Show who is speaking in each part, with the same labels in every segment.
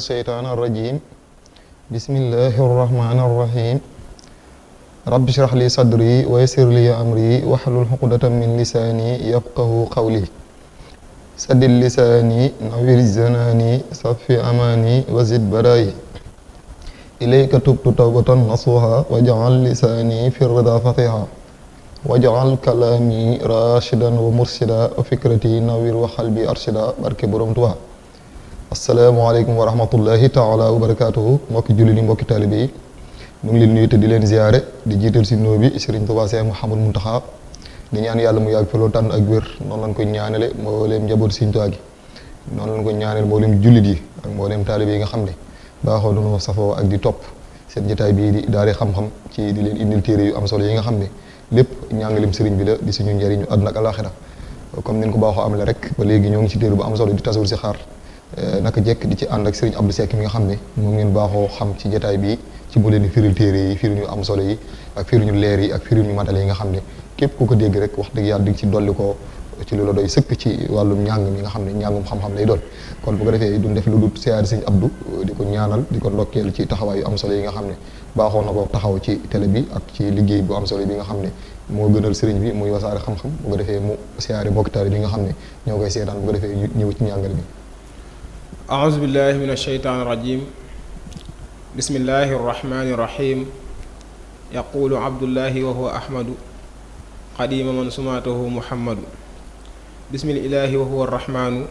Speaker 1: الشيطان الرجيم بسم الله الرحمن الرحيم رب اشرح لي صدري ويسر لي أمري واحلل عقدة من لساني يفقه قولي سدد لساني نوّر جناني صفي أماني وزد برائي إليك تبت توبة نصوحا واجعل لساني في الرضا فقيها wajaal kalaami rashidan wa murshida wa fikrati nawir wa xalbi arshida barke borom Tuubaa asalaamaaleykum wa rahmatullahi taala wa barakaatuhu mbokki julli ni mbokki taalibe yi mu ngi leen nuyu te di leen ziyaare di jiital si noo bi Serigne Touba Cheikh Mouhamadou Mountakha di ñaan yàlla mu yàgg fi loolu tànn ak wér noonu lañ ko ñaanale mbooleem njaboot Serigne Touba gi noonu lañ koy ñaanale mbooleem jullit yi ak mbooleem taalibe yi nga xam ne baaxoo doonoo safoo ak di topp seen jotaay bii di daare xam-xam ci di leen indil téere yu am solo yi nga xam ne lépp ñaangalim sëriñ bi la di suñu njëriñu àdduna ak alaxira comme niñ ko baaxoo am la rek ba léegi ñoo ngi ci téere bu am solo di si xaar Euh, naka jekk di ci ànd ak sëriñ Abdou sekk mi nga xam ne moom ngeen baaxoo xam ci jataay bi ci bu leen di yi firil ñu am solo yi ak firil ñu leer yi ak firil ñu matale yi nga xam ne képp ku ko dégg rek wax dëgg yàlla di ci dolli ko ci lu la doy ci wàllum njàng mi nga xam ne njàngum xam-xam lay doon kon bu ko defee duñ def lu dul siyaar sëriñ Abdou di ko ñaanal di ko ndokkeel ci taxawaay yu solo yi nga xam ne baaxoo na ko taxaw ci télé bi ak ci liggéey bu am solo bi nga xam ne moo gënal sëriñ bi muy wasaare xam-xam bu ko defee mu siyaari mbokk taalibe bi nga xam ne ñoo koy seetaan bu ko defee ñëw ci njàngal bi
Speaker 2: أعوذ بالله من الشيطان الرجيم بسم الله الرحمن الرحيم يقول عبد الله وهو أحمد قديم من سماته محمد بسم الإله وهو الرحمن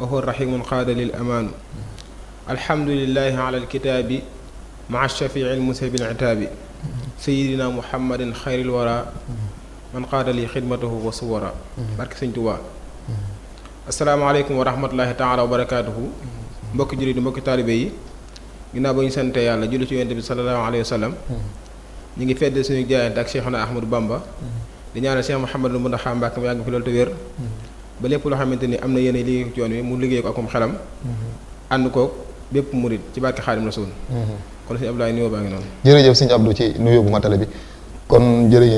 Speaker 2: وهو الرحيم قاد للأمان الحمد لله على الكتاب مع الشفيع المسيب العتاب سيدنا محمد خير الورى من قاد لي خدمته وصورا بارك سنتوا asalaamaaleykum wa rahmatulahi taala wa barakaatuhu mbokki jullit yi mbokki taalibe yi ginnaaw ba ñu sante yàlla julli ci yonent bi salallaahu alayhi wa
Speaker 1: ñu
Speaker 2: ngi fedd suñu jaayante ak Cheikhuna Ahmadou Bamba di ñaanal Cheikh Mouhamadou Mountakha Mbacké mu yàgg fi loolu te wér ba lépp loo xamante ni am na yéene liggéey ko ci yoon wi mu liggéey ko akum xelam ànd ko bépp murit ci barke Xaadim Rasuul kon sëñ Abdoulaye nuyoo baa ngi noonu
Speaker 1: jërëjëf sëñ Abdou ci nuyoo bu matale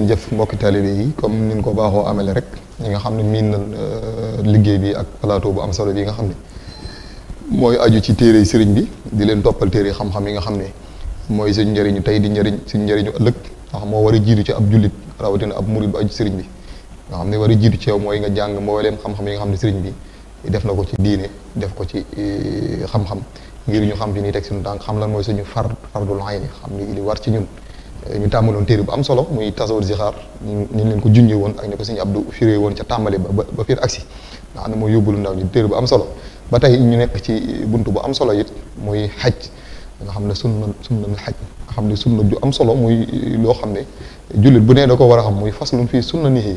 Speaker 1: jëf mbokki taalibe ko baaxoo amele rek ñi nga xam ne miin liggéey bi ak plateau bu am solo bi nga xam ne mooy aju ci téere sëriñ bi di leen toppal téere xam-xam yi nga xam ne mooy suñ njëriñu tey di njëriñ suñ njëriñu ëllëg ndax moo war a jiitu ci ab jullit rawatina ab murid bu aju sëriñ bi nga xam ne war a jiitu ci yow mooy nga jàng moo leen xam-xam yi nga xam ne sëriñ bi def na ko ci diine def ko ci eh, xam-xam ngir ñu xam fi ni teg suñu tànk xam lan mooy suñu far fardul yi xam ni li war ci ñun ñu tàmbaloon téere bu am solo muy tasawur zixaar ñu ñu leen ko junjee woon ak ñu ko sëñ Abdou firé woon ca tàmbali ba ba fiir agsi nga xam ne mooy yóbbu ndaw ñu téere bu am solo ba tey ñu nekk ci buntu bu am solo it muy xaj nga xam ne sunna sunna xaj nga xam ne sunna ju am solo muy loo xam ne jullit bu nee ko war xam muy faslun fii sunna nihi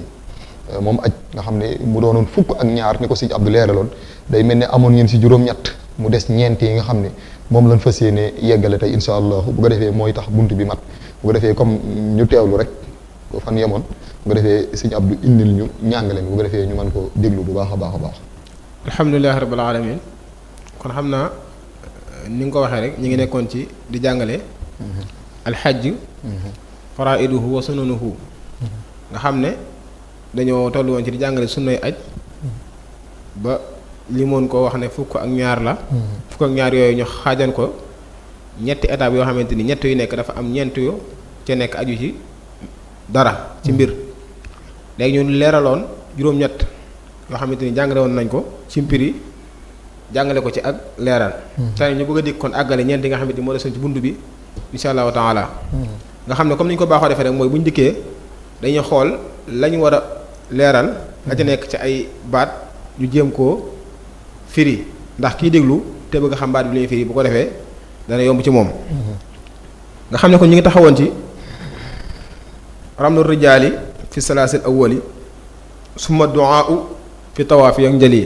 Speaker 1: moom aj nga xam ne mu doonoon fukk ak ñaar ni ko sëñ Abdou leeraloon day mel ni amoon ngeen si juróom-ñett mu des ñeent yi nga xam ne moom lañ fas yéene yeggale tey incha allah bu ko defee mooy tax buntu bi mat bu ko defee comme ñu teewlu rek fan yemoon bu ko defee sëñ Abdou indil ñu ñàngale mi bu ko defee ñu mën ko déglu bu baax a baax a baax.
Speaker 2: alhamdulilah rabbil alamin kon xam naa ni nga ko waxee rek ñu ngi nekkoon ci di jàngale. alxajj. faraiduhu wa sunanuhu nga xam ne dañoo toll woon ci di jàngale sunnay aj ba limoon koo wax ne fukk ak ñaar la. Mm-hmm. fukk ak ñaar yooyu ñu xaajan ko. ñetti étape yoo xamante ni ñett yu nekk dafa am ñeenti yu ca nekk aju ci dara ci mbir léegi ñun leeraloon juróom-ñett yoo xamante ni jàngale woon nañ ko ci mbir jàngale ko ci ak leeral. tey hmm. ñu bëgg a dikk kon àggale ñeent yi nga xamante ni moo desoon ci bunt bi incha allahu taala. Hmm. nga xam ne comme ni ñu ko baaxoo defee rek mooy bu ñu dikkee dañuy xool lañu war a leeral. la ca nekk ci ay baat ñu jéem koo firi ndax kiy déglu te bëgg xam baat bi la ñuy bu ko defee. dana yomb ci moom nga xam ne ko ñu ngi taxawoon ci ramlu rijaali fi salaasil awwali summa duaa fi tawaafi ak njëli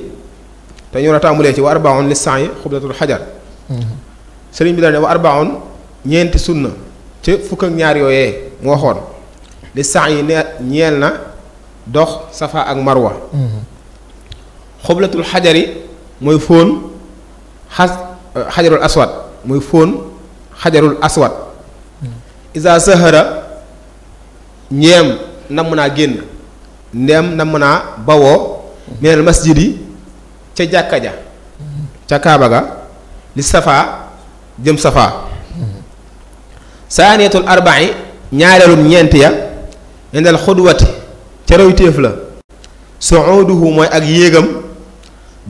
Speaker 2: te ñu war ci wa arbaun li saan yi xublatul xajar sëriñ bi dana ne wa arbaun ñeenti sunna ci fukk ak ñaar yooyee mu waxoon li saan yi ne ñeel na dox safa ak marwa xublatul xajari mooy fóon xas xajarul aswad muy fóon xajarul aswad isa sahara ñeem nam naa génn ndeem nam naa bawoo minal masjid ca jàkka ja ca kaaba ga li safaa jëm safaa saaniyatul arba'i ñaareelum ñeent ya indal xudwati ca roytéef la suuduhu mooy ak yéegam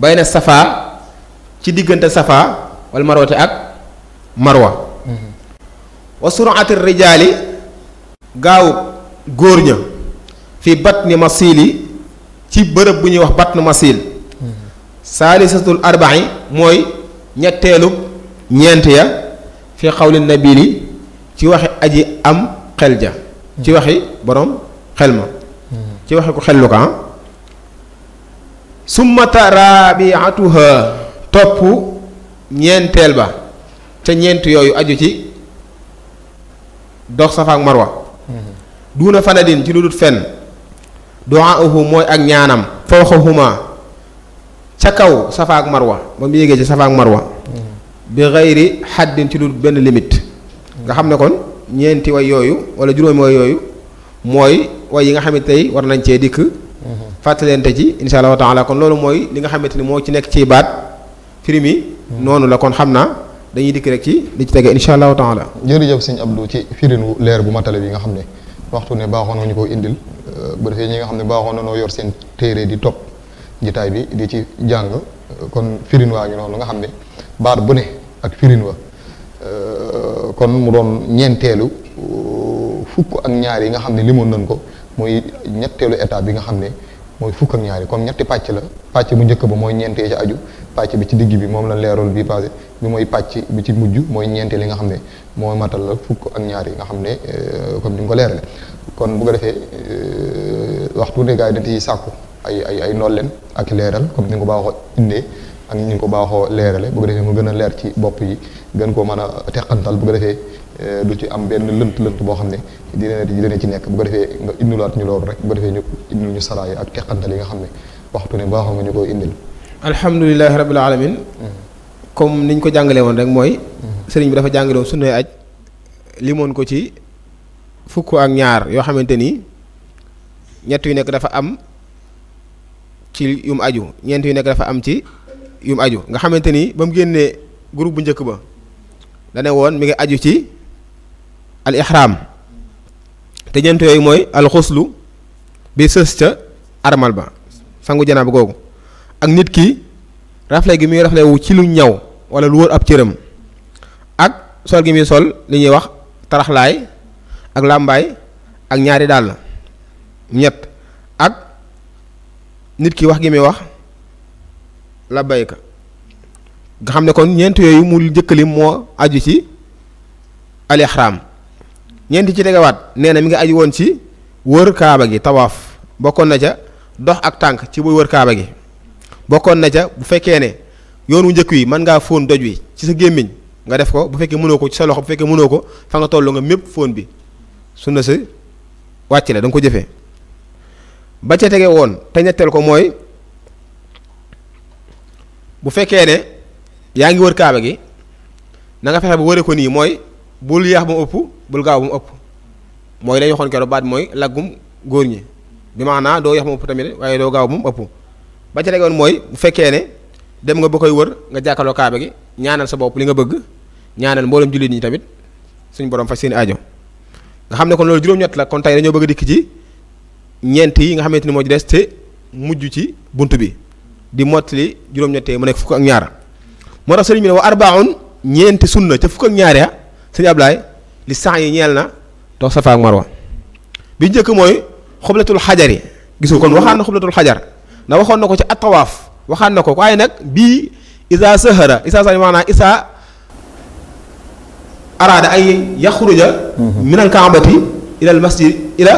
Speaker 2: bayna safaa ci diggante safaa wal marwati ak marwa wa suraati rijaali gaawu góor ña fi batni masiili ci bërëb bu ñuy wax batn masiil saalisatul arba'i mooy ñetteelu ñeent ya fi xawli nabili ci waxi aji am xel ja ci waxi borom xel ma ci waxi ko xellu ka summa topp ñeenteel ba ca ñeent yooyu aju ci dox safa ak marwa duuna fanadin ci lu dul fenn du'aahu mooy ak ñaanam fawqahuma ca kaw safa ak marwa ba mu yéegee ci safa ak marwa bi xayri xaddin ci lu benn limite nga xam ne kon ñeenti way yooyu wala juróomi way yooyu mooy way yi nga xam tey war nañ cee dikk fàttalente ci insha allahu taala kon loolu mooy li nga xamante ni moo ci nekk ci baat firimi
Speaker 1: hmm. noonu la kon xam naa
Speaker 2: dañuy dikk rek ci li ci tege incha allahu taala.
Speaker 1: jërëjëf sëñ Abdou ci firinu leer bu matale bi nga xam ne waxtu ne baaxoon nañu ko indil bu defee ñi nga xam ne baaxoon na noo yor seen téere di topp jitaay bi di ci jàng kon firin waa ngi noonu nga xam ne baat bu ne ak firin wa euh, kon mu doon ñeenteelu euh, fukk ak ñaar yi nga xam ne limoon nañ ko muy ñetteelu état bi nga xam ne mooy fukk ak ñaar yi ñetti pàcc la pàcc bu njëkk ba mooy ñeentee ci aju pàcc bi ci digg bi moom la leerool bii passé bi mooy pàcc bi ci mujj mooy ñeenteel yi nga xam ne moo matal la fukk ak ñaar yi nga xam ne euh, comme ni mu ko leerale kon bu ko defee euh, waxtu ne gars yi dañ ciy sàkku ay ay ay ndolleen ak leeral comme ni ko baaxoo indee ak ni nga ko baaxoo leerale bu ko mu gën a leer ci bopp yi gën koo mën a teqantal bu ko defee euh, du ci am benn lënt lënt boo xam ne dina dina ci nekk bu ko defee nga indulaat ñu loolu rek bu defee ñu indil ñu salaay ak teqantal yi nga xam ne waxtu ne baaxoo nga ñu koy indil.
Speaker 2: alhamdulilah rabil alamin hmm. comme niñ ko jàngalee woon rek mooy. Mhm. sëriñ bi dafa jàngale woon sunnay aj limoon ko ci fukk ak ñaar yoo xamante ni ñett yu nekk dafa am ci yum aju ñeent yu nekk dafa am ci yum aju nga xamante ni ba mu génnee groupe bu njëkk ba dane woon mi ngi aju ci al ihram te ñeent yooyu mooy al xuslu bi sës ca armal ba sangu janaab googu ak nit ki rafle gi muy rafle ci lu ñaw wala lu wër ab cëram ak sol gi muy sol li ñuy wax taraxlaay ak làmbaay ak ñaari dàll ñett ak nit ki wax gi muy wax labbayka nga xam ne kon ñeent yooyu mu njëkkalim moo aju ci al ihram ñeent ci tegewaat nee na mi ngi aju woon ci wër kaaba gi tawaaf bokkoon na ca dox ak tànk ci buy wër kaaba gi bokkoon na ca bu fekkee ne yoon wu njëkk wi mën ngaa foon doj wi ci sa gémmiñ nga def ko bu fekkee mënoo ko ci sa loxo bu fekkee mënoo ko fa nga toll nga mépp foon bi sunna si wàcc la da ko jëfee ba ca tege woon te ñetteel ko mooy bu fekkee ne yaa ngi wër kaaba gi na fexe bu wëree ko nii mooy bul yaax ba ëpp bul gaaw ba mu ëpp mooy lañu waxoon keroog baat mooy laggum góor ñi bi maanaa doo yaax ba ëpp tamit waaye doo gaaw ba ëpp ba ca tege woon mooy bu fekkee ne dem nga ba koy wër nga jàkkaloo kaaba gi ñaanal sa bopp li nga bëgg ñaanal mboolem jullit ñi tamit suñ borom fa seen aajo nga xam ne kon loolu juróom-ñett la kon tey dañoo bëgg a dikk ci ñeent yi nga xamante ni moo ci des te mujj ci bunt bi di mottali juróom-ñettee mu nekk fukk ak ñaar moo tax sëriñ bi ne wa arbaun ñeenti sunna ca fukk ak ñaar ya sëñ Ablaay li sax yi ñeel na dox Safa ak Marwa bi njëkk mooy xoblatul xajar yi. gisul kon waxaan na xoblatul xajar ndax waxoon na ko ci waxaat na ko waaye nag bii isa sahara isa sahara maanaam isa araada ay yaxruja mhm. minal ilal masjid ila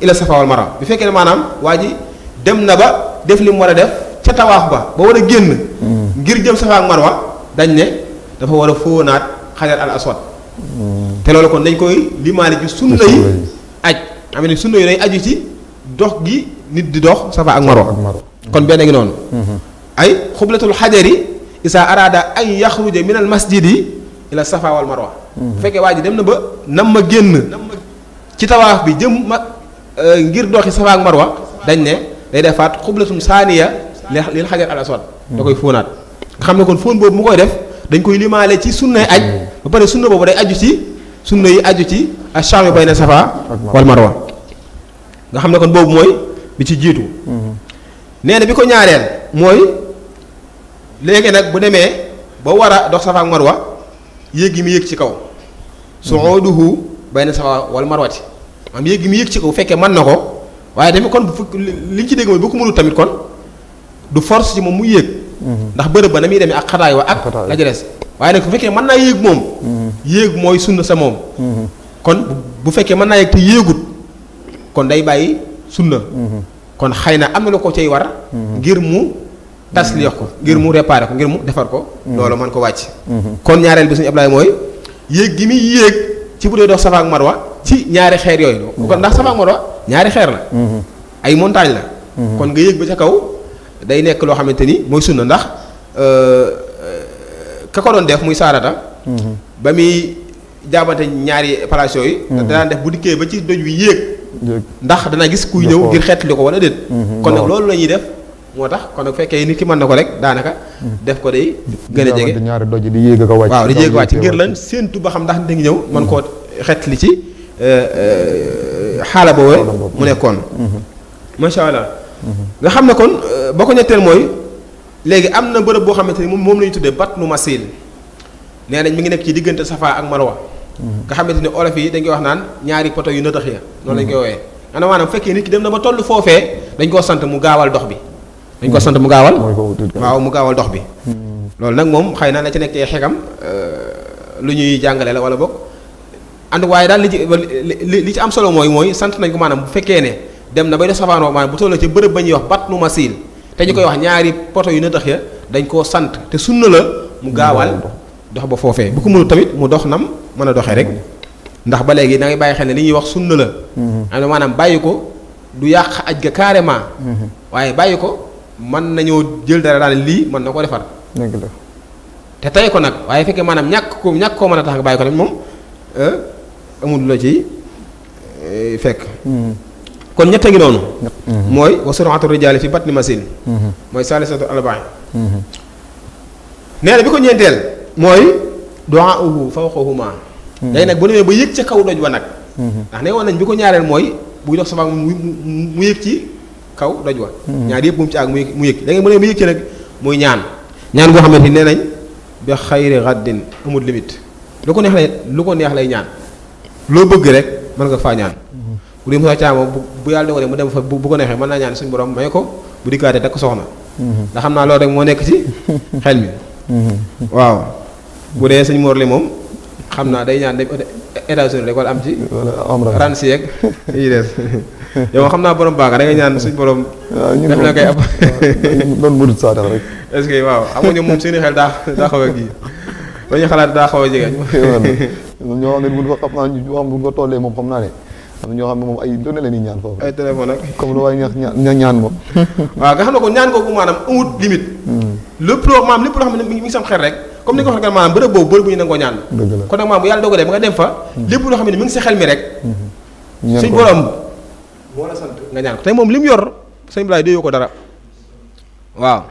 Speaker 2: ila safa wal marwa bu fekkee ne maanaam waa ji dem na ba def li war a def ca tawaaf ba ba war a génn mhm. ngir jëm safa ak marwa dañ ne dafa war a fóonaat xajar al aswad mhm. te loolu kon dañ koy limaale ci sunna yi aj xam ne sunna yi day aju ci dox gi nit di dox safa ak marwa kon benn gi noonu ay xublatul xajari isa araada ay yaxruja min al masjidi ila safa wal marwa bu mhm. fekkee waa ji dem na ba nam ma génn ci tawaaf bi jëm ma euh, ngir doxi safa ak marwa dañ ne day defaat xublatum saaniya lil xajar al aswad da koy mhm. fóonaat nga xam ne kon fóon boobu mu koy def dañ koy limaale ci sunnay aj mhm. ba pare sunna boobu day aju ci sunna yi aju ci ash bay bayna safa wal marwa nga xam ne kon boobu mooy bi ci jiitu nee na bi ko ñaareel mooy léegi nag bu demee ba war a dox safa ak wa yéeg gi mu yéeg ci kaw suuduhu bayna safa wal marwati maanaam yéeg gi mu yéeg ci kaw fekkee mën na ko waaye dafa kon bu fukk liñ ci dégg ko mënul tamit kon du force ci moom mu yéeg mhm. ndax bërëb ba na muy demee ak wa ak la ca des waaye nag fekkee mën naa yéeg moom mhm. yéeg mooy sunna sa mhm. kon bu fekkee mën naa yéeg te yéegut kon day bàyyi sunna kon xëy na am na lu ko cay war ngir mu tas li yox ko ngir mu réparé ko ngir mu defar ko loolu man ko wàcc kon ñaareel bi suñu Ablaay mooy yéeg gi muy yéeg ci bu dee dox Safa ak Marwa ci ñaari xeer yooyu kon ndax Safa ak Marwa ñaari xeer na ay montagne la kon nga yéeg ba ca kaw day nekk loo xamante ni mooy sunna ndax euh, ka ko doon def muy saarata ba muy jaabante ñaari palaas yooyu danaan def bu dikkee ba ci doj wi yéeg ndax dana gis kuy ñëw ngir xeetli ko wala déet mhm. kon loolu la def moo tax kon nag fekkee nit ki man na ko rek daanaka. def ko day gën a jege di
Speaker 1: ñaari doj di yéeg ko wàcc. waaw di yéeg wàcc ngir lan
Speaker 2: séentu ba xam ndax da ngi ñëw. mën koo xet li ci euh, euh, xaala boobee. mu nekkoon. Mhm. macha allah. Mhm. nga xam ne kon euh, ba ko ñetteel mooy léegi am na bërëb boo xamante ni moom la ñu tuddee batnu masil nee nañ mu ngi nekk ci diggante Safa ak Marwa. Mhm. nga xamante ni olof yi dañ koy wax naan ñaari poto yu nëtëx ya. noonu lañ koy woowee. ana maanaam fekkee nit ki dem dama ba toll foofee dañ koo sant mu gaawal dox bi dañ ko sant mu gaawal waaw mu gaawal dox bi hmm. loolu nag moom xay na la ci nekk ay xegam euh, lu ñuy jàngale la wala boog ànd waaye daal li ci li ci am solo mooy mooy sant nañ ko maanaam bu fekkee ne dem na ba def safaanoo maanaam bu tollee ci bërëb ba ñuy wax bat nu ma siil te ñu koy wax ñaari poto yu na tax ya dañ koo sant te sunna la mu gaawal dox ba foofee bu ko mënul tamit mu dox nam mën a doxee rek ndax ba léegi da ngay bàyyi xel ne li ñuy wax sunna la
Speaker 1: am
Speaker 2: hmm. na maanaam bàyyi ko du yàq aj
Speaker 1: ga
Speaker 2: man nañoo jël dara daal lii mën na ko defar. dëgg te tey ko nag waaye fekkee maanaam ñàkk ko ñàkk koo mën a tax nga bàyyi ko tamit moom euh, amul la ci euh, fekk. Hmm. kon ñett a ngi noonu. Hmm. mooy wa suraatu rijaali fi batni masin. Hmm. mooy saalisatu albaañ. nee na bi ko ñeenteel. mooy du'aa'uhu fawqahuma. léegi nag bu demee ba yëg ca kaw doj wa nag. ndax ne woon nañ bi ko ñaareel mooy buy dox sama mu mu yëg ci. kaw doj wa hmm. ñaar yëpp moom ci àgg mu mu yëg da ngay mën a mu yëg ci nag muy ñaan ñaan boo xamante ni nee nañ ba xayri raddin amul limite lu ko neex lay lu ko neex lay ñaan loo bëgg rek mën nga faa ñaan hmm. bu dee bu yàlla dogalee mu dem fa bu ko neexee mën naa ñaan suñ borom may ko bu dikkaatee takk soxna hmm. ndax xam naa loolu rek moo nekk ci xel mi waaw bu dee sëñ Mor li moom xam naa day ñaan dem États-Unis rek wala am ci. wala am yow xam naa borom baax da ngay ñaan suñ borom. waaw ñun moom def
Speaker 1: doon mënut saa tax rek. est-ce que waaw xam nga ñoom moom seen i xel daa a a xam na ñoo xam ne moom ay doon na leen ñaan foofu. ay téléphone ak. comme lu waay ñaax ñaan ñaan moom. waaw nga xam la kon
Speaker 2: nag maanaam bu yàlla dogalee ba nga dem fa. Hmm. lépp loo xam ne mi ngi sa xel mi rek. Hmm. Hmm. suñ borom nga ñaan ko te moom li mu yor sëñ Ibrahima ko dara waaw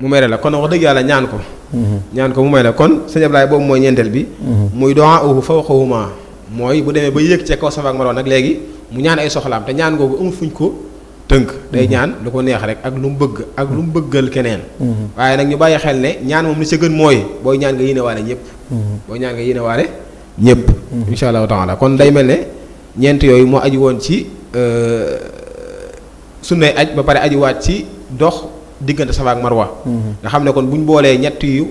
Speaker 2: mu may la kon wax dëgg yàlla ñaan ko mhm. ñaan ko mu may la kon sëñ Ibrahima boobu mooy ñeenteel bi mhm. muy doa fa fawqahuma mooy bu demee ba yéeg ci kaw safaak maroon nag léegi mu ñaan ay soxlaam te ñaan googu amul fuñ ko tënk day mhm. ñaan lu ko neex rek ak lu mu bëgg ak lu mu bëggal keneen waaye nag ñu bàyyi xel ne ñaan moom li sa gën mooy booy ñaan nga yéenewaale ñëpp booy ñaan nga yéenewaale ñëpp insha allahu taala kon day mel ne ñeent yooyu moo ci Euh, sunnay aj ba pare ajuwaat ci dox diggante Safa ak Marwa. Mhm. nga xam ne kon bu ñu boolee ñett yu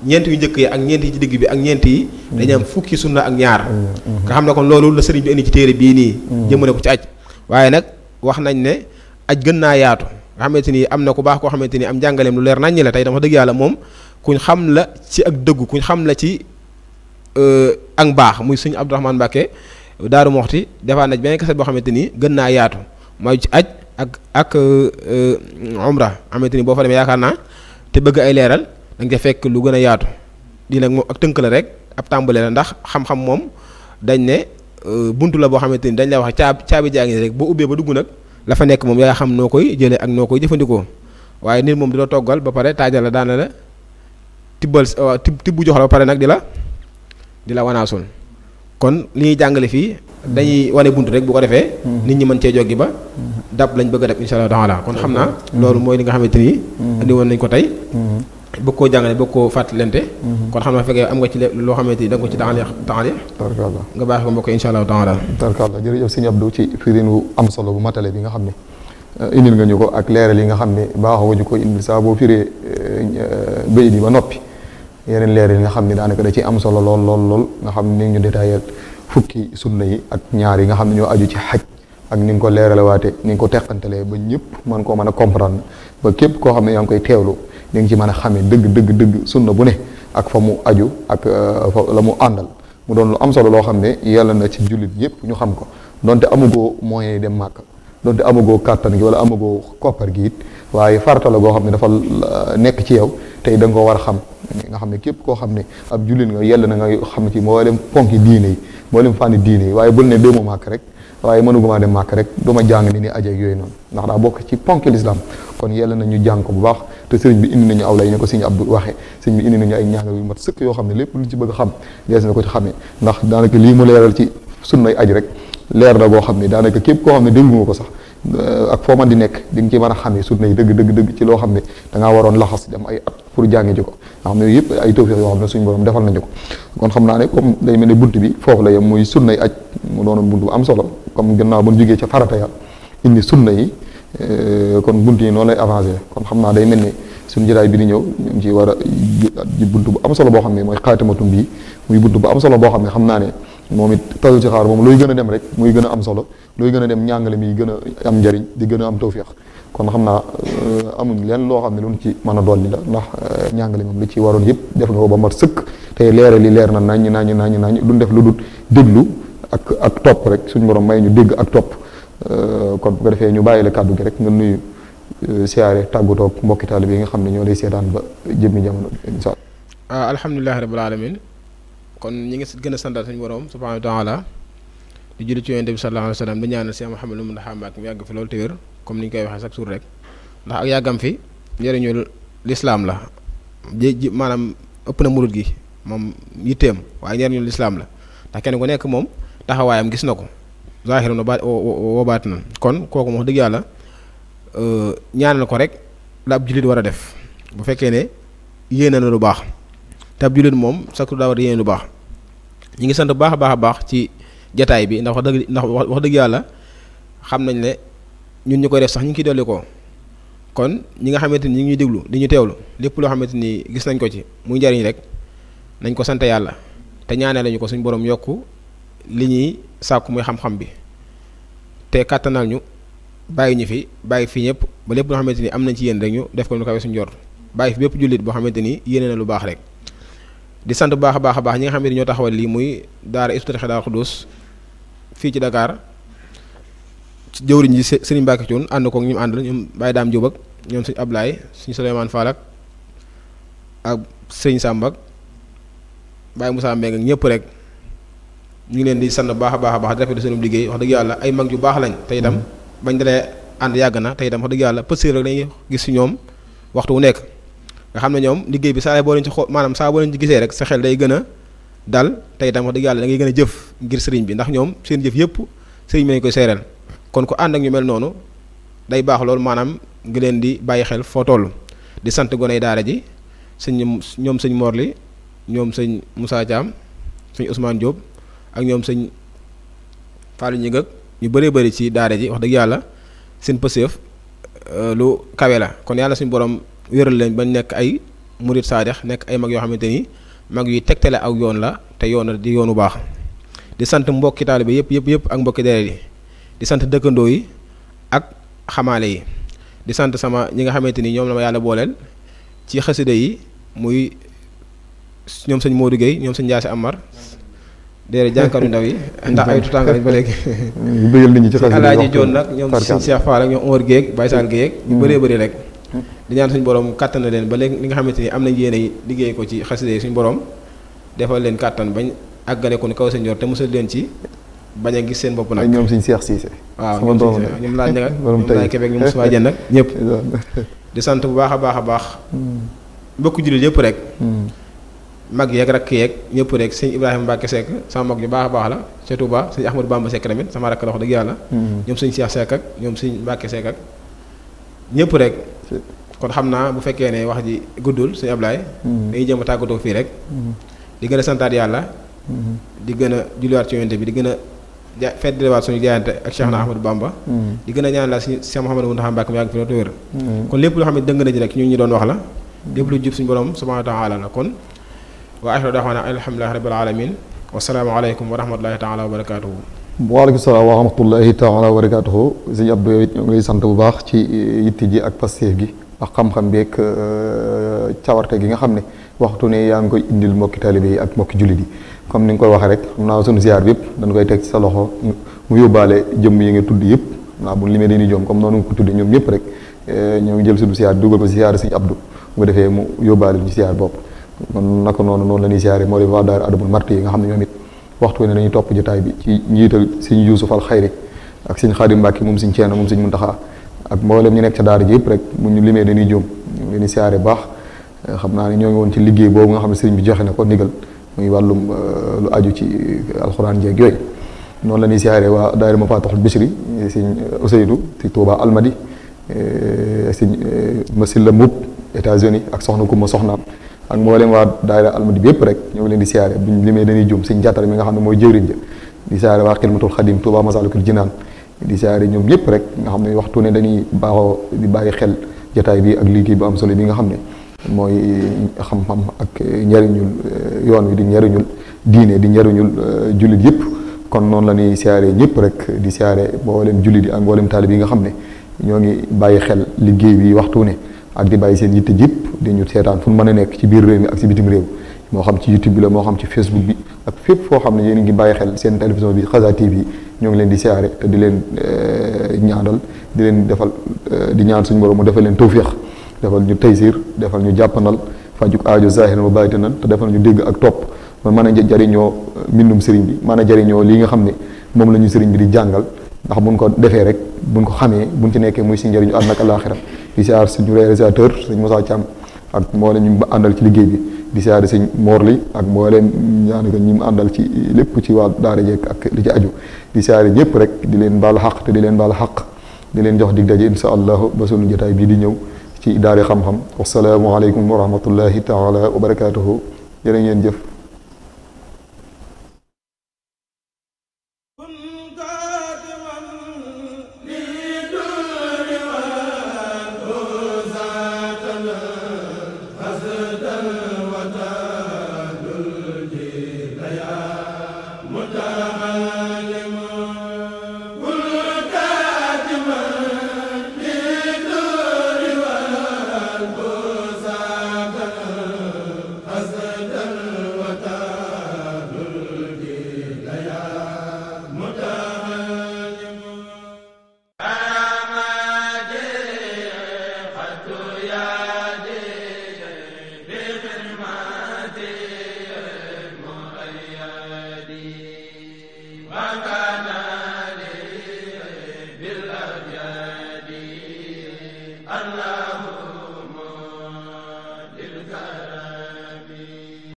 Speaker 2: ñeent yu njëkk yi ak ñeent yi ci digg bi ak ñeent yi. Mhm. dañu am fukki sunna ak ñaar. Mhm. nga xam ne kon loolu la sëriñ bi indi ci téere bii nii. jëmale ko ci aj waaye nag wax nañ ne aj gën naa yaatu. nga xamante ni am na ku baax koo xamante ni am jàngaleem lu leer naññ la tey dama dëgg yàlla moom kuñ xam la ci ak dëggu kuñ xam la ci euh, ak mbaax muy sëñ Abdourahmane Mbacke daaru moxti defaat na beneen kaset boo xamante ni gën naa yaatu mooy ci aj ak ak euh, euh, umra xamante ni boo fa demee yaakaar naa te bëgg ay leeral dañ nga fekk lu gën a yaatu lii nag moom ak tënk la rek ab tàmbale la ndax xam-xam moom dañ ne euh, buntu la boo xamante ni dañ la wax caab caabi jaa ngi rek boo ubbee ba dugg nag la fa nekk moom yaa xam noo koy jëlee ak noo koy jëfandikoo waaye nit moom di la toggal ba pare taajal la daana la tibbal tibb jox la ba pare nag di la di la wanaasul kon li ñuy jàngale fii dañuy wane buntu rek bu ko defee. Mhm. nit ñi mën cee joggi ba. Mhm. dab lañ bëgg a dab incha allah taala kon xam naa. Mhm. loolu mooy li nga xamante ni. andi woon nañ ko tey. bëgg koo jàngale bëgg koo fàttalante. kon xam naa bu fekkee am nga ci loo xamante ni da nga ko ci taxaleex taxaleex.
Speaker 1: tarkalla nga baax ko mbokk incha allah taala. tarkalla jërëjëf sëñ Abdou ci firin wu am solo bu matale bi nga xam ne. Eh, indil nga ñu ko ak leere yi nga xam ne baaxoo ñu ko indil saa boo firee eh, eh, béy di ba noppi yeneen leer yi nga xam ne daanaka da ciy am solo lool lool lool nga xam ne ni ñu détaillé fukki sunna yi ak ñaar yi nga xam ne ñoo aju ci xaj ak ni nga ko leeralewaate ni nga ko teqantalee ba ñëpp man koo mën a comprendre ba képp koo xam ne yaa ngi koy teewlu ni nga ci mën a xamee dëgg dëgg dëgg sunna bu ne ak fa mu aju ak euh, la mu àndal mu doon lu am solo loo xam ne yàlla na ci jullit yëpp ñu xam ko donte amugoo moyens yi dem màkk donte amugoo kàttan gi wala amugoo gi it waaye farata la goo xam ne dafa euh, nekk ci yow tey da ko war a xam nga xam ne képp koo xam ne ab jullit nga yell na nga xam ci mboolem ponk yi diine yi mboolem fànni diine yi waaye bul ne déemu màkk rek waaye mënuguma dem màkk rek du ma jàng ni ni aje yooyu noonu ndax daa bokk ci ponk l'islam kon yell na ñu jàng bu baax te sëriñ bi indi nañu aw lay ne ko sëriñ Abdou waxee sëriñ bi ay ñaanga yu mat sëkk yoo xam ne lépp lu ci bëgg xam dees na ko ci xamee ndax daanaka lii mu leeral ci sunnay aj rek leer na goo xam ne daanaka képp koo xam ne déglu nga ko sax Euh, ak foo man di nekk di nga ci mën a xamee sunna yi dëgg dëgg dëgg ci loo xam ne da waroon laxas dem ay at pour jàngi ji ko nga xam ne yëpp ay tawfiq yoo xam ne suñu borom defal nañu ko kon xam naa ne comme day mel ne bunt bi foofu la yem muy sunna yi aj mu bu am solo comme gannaaw bu ñu jógee ca farata ya indi sunna yi euh, kon bunt yi noonu lay avancé kon xam naa day mel ne suñu jëraay bi di ñëw ñu ngi ciy war a bunt bu am solo boo xam ne mooy xaatimatun bi muy bunt bu am solo boo xam ne xam naa ne moom it tawul ci xaar moom looy gën a dem rek muy gën a am solo luy gën a dem ñàngale mi gën a am njariñ di gën a am tawféex kon xam naa euh, amuñ leen loo xam ne luñ ci mën a dolli la ndax euh, njàngale moom li ci waroon yëpp def nga ko ba mat sëkk te leeral li leer na naññ naññ naññ naññ duñ def lu dul déglu ak ak topp rek suñ borom may ñu dégg ak topp euh, kon bu ko defee ñu bàyyi la kàddu gi rek nga nuyu siyaare tàggatoo mbokki taalibe yi nga xam ne ñoo lay seetaan ba jëmmi jamono incha allah.
Speaker 2: Ah, alhamdulilah rabbil alamin kon ñi ngi gën a santaat suñu borom subhaanahu wa taala di julli ci yonent bi sallallahu alayhi wa sallam di ñaanal Cheikh comme ni ñu koy waxee chaque jour rek ndax ak yàggam fi njëriñu lislaam la ji ji maanaam ëpp na murid gi moom yitteem waaye njëriñu lislaam la ndax kenn ku nekk moom taxawaayam gis na ko zaahiram na baat na kon kooku wax dëgg yàlla euh, ñaanal ko rek la ab jullit war a def bu fekkee ne yéene na lu baax te ab jullit moom chaque daa war a yéene lu baax ñi ngi sant bu baax a baax baax ci jataay bi ndax wax dëgg ndax wax dëgg yàlla xam nañ ne ñun ñu koy def sax ñu ngi ciy dolli ko kon ñi nga xamante ni ñu ngi déglu di ñu teewlu lépp loo xamante ni gis nañ ko ci muy njariñ rek nañ ko sant yàlla te ñaanee lañu ko suñ borom yokk li ñuy sàkku muy xam-xam bi te kàttanal ñu bàyyi ñu fi bàyyi fi ñëpp ba lépp loo xamante ni am nañ ci yéen rek ñu def ko lu kawe suñu jor bàyyi fi bépp jullit boo xamante ni yéene na lu baax rek di sant bu baax a baax a baax ñi nga xam ne ñoo taxawal lii muy daara Hizbut daa Daaru fii ci Dakar ci jëwriñ ji sëriñ Mbacke Thion ànd ñu àndal ñoom Baye Dame Diop ak ñoom suñu Ablaye suñu Souleymane Fall ak ak sëriñ Samba ak Baye Moussa ñëpp rek ñu ngi leen di sant bu baax a baax a baax seen liggéey wax dëgg yàlla ay mag yu baax lañ te itam mm-hmm. bañ dalee ànd yàgg na tey itam wax dëgg yàlla pësir rek dañuy gis si ñoom waxtu wu nekk. nga xam ne ñoom liggéey bi saa boo leen ci xoo maanaam saa boo leen ci gisee rek sa xel day gën a dal tey tam wax dëgg yàlla da ngay gën a jëf ngir sëriñ bi ndax ñoom seen jëf yëpp sëriñ bi lañ koy seereel kon ko ànd ak ñu mel noonu day baax loolu maanaam ngi leen di bàyyi xel foo toll di sant goney daara ji sëñ ñoom sëñ Morli ñoom sëñ Moussa Thiam sëñ Ousmane jóob ak ñoom sëñ Fallou Ñigëg ñu bëree bëri ci daara ji wax dëgg yàlla seen pëseef euh, lu kawe la wéral leen ba nekk ay murit saadex nekk ay mag yoo xamante ni mag yuy tegtale ak yoon la te yoon di yoonu baax di sant mbokki taalibe yëpp yëpp yëpp ak mbokki deret yi di sant dëkkandoo yi ak xamaale yi di sant sama ñi nga xamante ni ñoom la ma yàlla booleel ci xasida yi muy ñoom sëñ Modou Guèye ñoom sëñ Ndiassé Amar déedéet jànkaru ndaw yi ndax ay tutànk lañ ba léegi
Speaker 1: ñu bëggal nit ñi ci xasida yi alaaji nag ñoom sëñ Cheikh
Speaker 2: Fall ak ñoom Omar Guèye Baye Sall ñu bëree bëri rek di ñaan suñu borom kàttan na leen ba léegi li nga xamante ni am nañ yéene liggéey ko ci xasida yi suñu borom defal leen kàttan bañ àggale ko ni kaw seen yor te musal leen ci bañ a gis seen bopp nag ñoom suñu Seex Siise waaw ñoom laaj ñaga ñoom laaj Québec ñoom Moussa Dieng nag ñëpp di sant bu baax a baax a baax hmm. mbokk jullit yëpp rek hmm. mag yeeg rakk yeeg ñëpp rek sëñ Ibrahima Mbacke Seck sama mag ju baax baax la ca Touba sëñ Ahmadou Bamba Seck tamit sama rakk la yàlla hmm. ñoom sëñ Seex Seck ak ñoom sëñ Mbacke Seck ak ñépp rek kon xam naa bu fekkee ne wax ji guddul suñu Ablaay mm-hmm. dañuy jëm a tàggatoo fii rek mm-hmm. di gën a santaat yàlla mm-hmm. di gën a julliwaat ci yonent bi di gën a ja fedd di waat suñu jaayante ak Cheikh na Ahmadou Bamba di gën a ñaan la suñu Cheikh Mouhamadou Mountakha Mbacké mu yàgg fi loolu wér kon lépp loo xam ne dëng na ji rek ñu ñu doon wax la lépp lu jub suñu borom subhanahu wa taala la kon wa axiru daxwaana alhamdulilahi rabbil alamin wasalaamu aleykum wa rahmatullahi wa barakatuhu
Speaker 1: waaleykum salaam wa rahmatullahi taala wa barakatuhu sëñ Abdou yow it ñoo ngi sant bu baax ci yitti ji ak pasteef gi ak xam-xam beeg euh, cawarte gi nga xam ne waxtu ne yaa ngi koy indil mbokki taalibe yi ak mbokki julli yi comme ni nga koy waxee rek xam naa sunu ziar bi yëpp dañ koy teg sa loxo mu yóbbaale jëm yi nga tudd yëpp naa bu limee dañuy joom comme noonu ko tudd ñoom ñëpp rek euh, ñoo ngi jël sunu ziar dugal ko ziar sëñ Abdou bu mu yóbbaale ñu ziar bopp kon naka noonu noonu la ñuy ziaree moo di waa daara adamul marti yi nga xam ne ñoom it waxtu ne dañuy topp jotaay bi ci njiital sëñ Yuusuf al Xayri ak sëñ Xaadim Mbàkke moom sëñ Ceerno moom sëñ Muntaxa ak mboolem ñu nekk ca daara ji yëpp rek bu ñu limee dañuy jóom ñu leen di siyaare baax eh, xam naa ne ñoo ngi woon ci liggéey boobu nga xam ne sëriñ bi joxe na ko ndigal muy wàllum eh, lu aju ci eh, alxuraan jeeg yooyu noonu la ñuy waa daayira ma Fatahul Bichri sëñ Ousseynou ci Touba Almadi sëñ Masila Mbuub États-Unis ak soxna ku ma soxnaam ak mboolem waa daayira Almadi bi yëpp rek ñoo ngi leen di siyaare bu limee dañuy jóom sëñ jàttar mi nga xam ne mooy jëwriñ ja di siyaare waa Xidmatul Xadim ku Masalikul Jinaan di siyaare ñoom ñëpp rek nga xam ne waxtu ne dañuy baaxoo di bàyyi xel jataay bi ak liggéey bu am solo bi nga xam ne mooy xam-xam ak njariñul eh, yoon wi di njariñul diine di njariñul eh, jullit yëpp kon noonu la ñuy siyaare ñëpp rek di siyaare mboolem jullit yi ak mboolem taalib yi nga xam ne ñoo ngi bàyyi xel liggéey bi waxtu ne ak di bàyyi seen yitte jëpp di ñu seetaan fu mu mën a nekk ci biir réew mi ak ci bitim réew moo xam ci YouTube bi la moo xam ci Facebook bi ak fépp foo xam ne yéen ngi bàyyi xel seen télévision bi Xaza TV ñoo ngi leen di siyaare te di leen euh, ñaanal di leen defal euh, di ñaan suñu borom mu defee leen tawfiix defal ñu taysir defal ñu jàppandal fajuk aajo zahir wa baatinan te defal ñu dégg ak topp ba mën a jariñoo mbindum sëriñ bi mën a jariñoo li nga xam ne moom la ñu sëriñ bi di jàngal ndax buñ ko defee rek buñ ko xamee buñ ci nekkee muy si njëriñu àdduna ak àllaaxira di siyaar suñu réalisateur suñu Moussa Thiam ak moo la ñu àndal ci liggéey bi di siyaare sëñ Morli ak mbooleem ñaan ko ñi mu àndal ci lépp ci waa daara jekk ak li ci aju di siyaare ñëpp rek di leen baal xaq te di leen baal xaq di leen jox dig daje insha allahu ba sunu jotaay bii di ñëw ci daari xam-xam wasalaamualeykum wa rahmatullahi taala wa barakatuhu jërë ngeen jëf